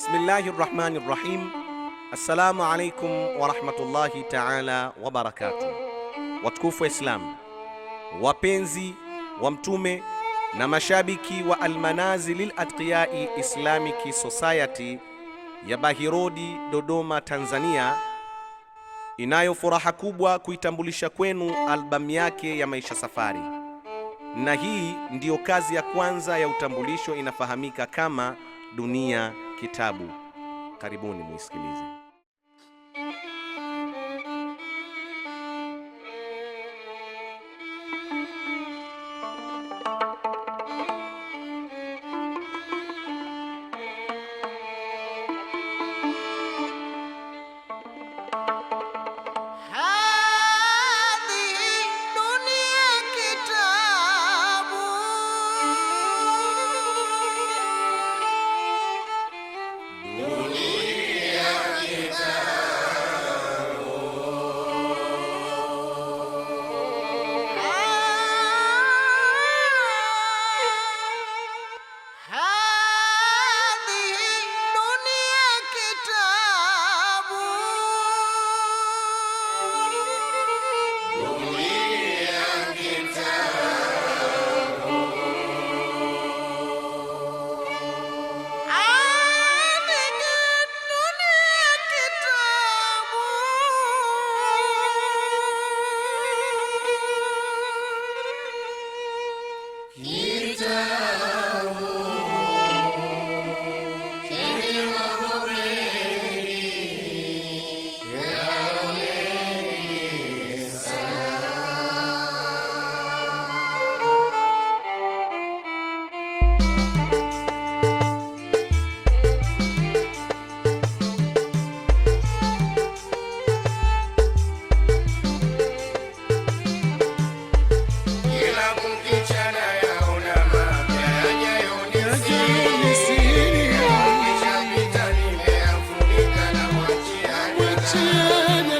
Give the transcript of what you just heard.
Bismillahi rahmani rahim. Assalamu alaikum warahmatullahi taala wabarakatuh. Watukufu wa Islamu, wapenzi wa Mtume na mashabiki wa almanazili Atqiyai Islamic Society ya Bahirodi, Dodoma, Tanzania, inayo furaha kubwa kuitambulisha kwenu albamu yake ya maisha safari, na hii ndiyo kazi ya kwanza ya utambulisho, inafahamika kama Dunia Kitabu. Karibuni muisikilize. baby.